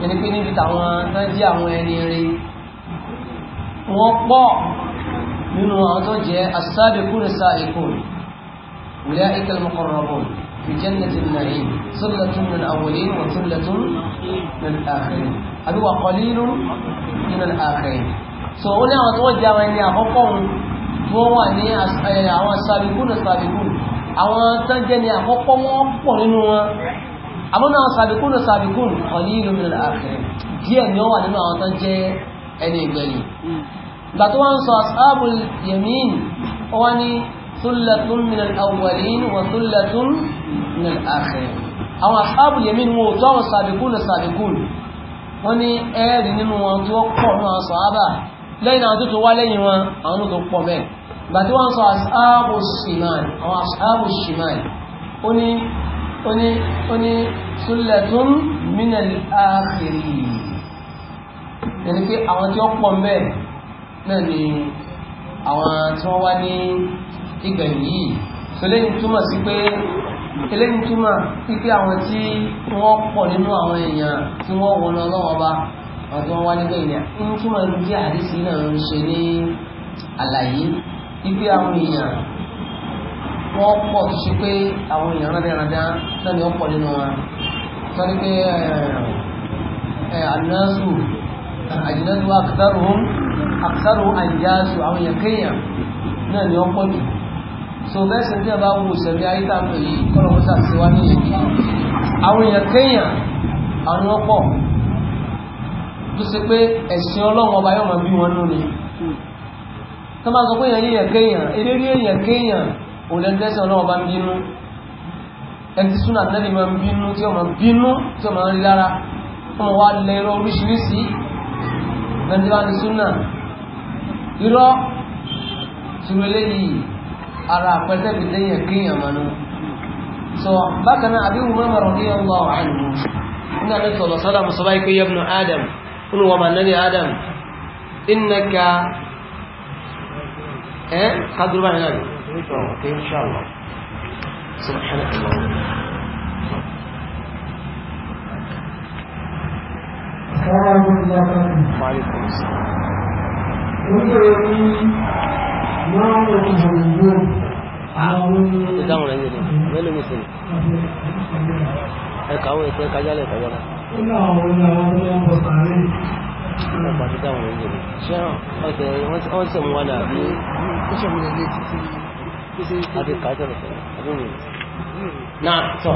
yẹni pé níbi tàwọn tán jẹ́ àwọn ẹni rí wọ́n pọ̀ nínú àwọn tó jẹ́ as-sabiqun as-sa'iqun ulaika al-muqarrabun fi jannati an-na'im sullatun min al-awwalin wa sullatun min al ní àwọn tó jẹ́ àwọn eh, àwọn tán jẹ́ ni àkọ́kọ́ wọ́n pọ̀ nínú wọn àmọ́ náà sàbìkún náà sàbìkún ọ̀ní ìlú mi lọ́la àfẹ́ díẹ̀ ni ó wà nínú àwọn tán jẹ́ ẹni ìgbẹ̀yìn ìgbà tó wá ń sọ ashabul yamin ó wá ní thullatun min al-awwalin wa thullatun min al-akhirin àwọn ashabul yamin wọn ò tó àwọn sàbìkún náà sàbìkún wọ́n ní ẹ́ẹ̀rì nínú oní oní sulatun minal akhirin yẹni pé àwọn tí wọ́n pọ̀ mbẹ́ náà ni àwọn tí wọ́n wá ní ìgbẹ̀yìn yìí sọlẹ́yìn túmọ̀ sí pé eléyìí túmọ̀ sí pé àwọn tí wọ́n pọ̀ nínú àwọn èèyàn tí wọ́n wọnà ọlọ́wọ́ bá àwọn tí wọ́n wá nígbà èèyàn ń túmọ̀ ní bí wọ́n pọ̀ tó ṣe pé àwọn èèyàn rádaràdá lẹ́nu ọ̀pọ̀ nínú wọn tó ní pé àdínásù àdínásù aksaruhum aksaruhum àdínásù àwọn èèyàn kéèyàn náà ni ọ̀pọ̀ jù so bẹ́ẹ̀ sì ní ọba wo sẹ̀rí ayé tá a pè yí kọ́nà kó sàṣẹ wá ní yẹn àwọn èèyàn kéèyàn àwọn ọ̀pọ̀ tó ṣe pé ẹ̀sìn ọlọ́run ọba yóò máa bí wọn nú ni tó máa sọ pé èèyàn yíyàn kéèyàn eléré èèyàn kéèyàn òun lẹ́nu tẹ́sán ọlọ́wọ́ bá ń bínú ẹni tí súnà tẹ́lẹ̀ máa ń bínú tí ọmọ bínú tí ọmọ rí lára ọmọ wa lẹ irọ́ oríṣiríṣi ẹni tí bá ní súnà irọ́ tìrú eléyìí ara àpẹẹsẹ́ fi lẹ́yìn kéèyàn mọ́nú sọ bákan náà àbí wùmọ́ mọ̀rọ̀ ní ọlọ́ àìlú ní àmì sọ̀rọ̀ sọ́dọ̀ mùsọ̀lá ikú yẹ bùnú adam inú wọn màá nẹ́ni adam innaka ẹ́ kádùrú báyìí náà nípa àwọn pé شاء الله سبحانك اللهم وبحمدك وعليكم السلام ìdáhùn rẹ̀ ń yẹlẹ̀ mẹ́lẹ̀ mi sìn ẹ̀ka àwọn ètò ẹ̀ka jálẹ̀ ìtàjọ́ náà. ọ̀pọ̀ àti ìdáhùn rẹ̀ ń yẹlẹ̀ ṣé ọ̀sẹ̀ wọ́n ti sọ̀mù wà náà bí ó ṣàmúlẹ̀ ilé títí adé kájọ lọ sọ adé rè náà tọ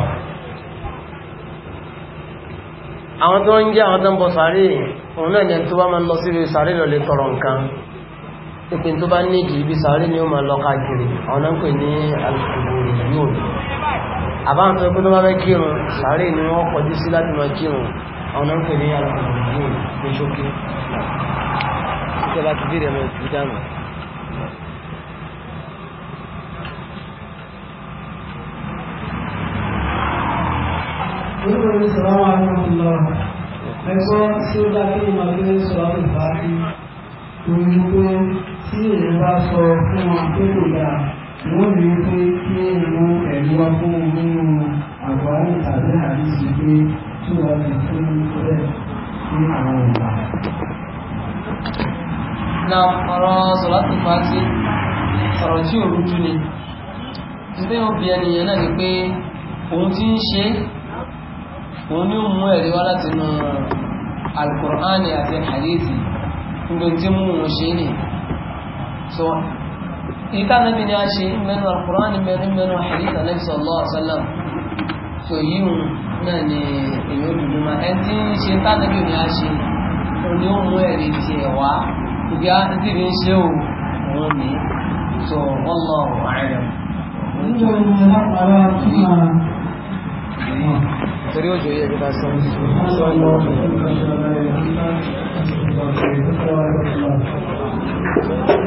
àwọn tó ń jẹ́ àwọn tó ń bọ sàárè òun náà ni tó bá máa ń lọ síbi sàárè lọ lè tọrọ nǹkan ìpín tó bá nídìí ibi sàárè ni ó máa lọ káàkiri àwọn náà ń pè ní alùpùpù yóò àbáwọn tó kúndọ́ bá fẹ́ kírun sàárè ni wọ́n kọjú sí láti máa kírun àwọn náà ń pè ní alùpùpù yóò ní ṣókí Nínú ìsọ̀rọ̀ àwọn ọmọ ẹ̀kọ́ tí ó dá kí ìmọ̀ bí ó sọ̀rọ̀ ìfà sí orí pé tí èèyàn bá sọ fún wa pé kò dá wọ́n ní pé kí ìmú ẹ̀rí wá fún nínú àgbáyé tàbí àdísì pé tí wọ́n ti fún ni. Ìgbé ni pé òun òun ni ó mú ẹ̀rí wá láti inú alukur'ani àti hadithi níbi tí mú wọn ṣe ni so ìta nábi ni a ṣe mẹ́nu alukur'ani mẹ́nu mẹ́nu hadith anabi sallallahu alaihi wasallam so yíò náà ni èyí ó dùdú ma ẹni tí ń ṣe tá nábi ni a ṣe òun ni ó mú ẹ̀rí ti ẹ̀ wá ibi a ti fi ń ṣe òun ni so wallahu a'lam. Thank you torí òjò yẹ kí ta sọ Thank you.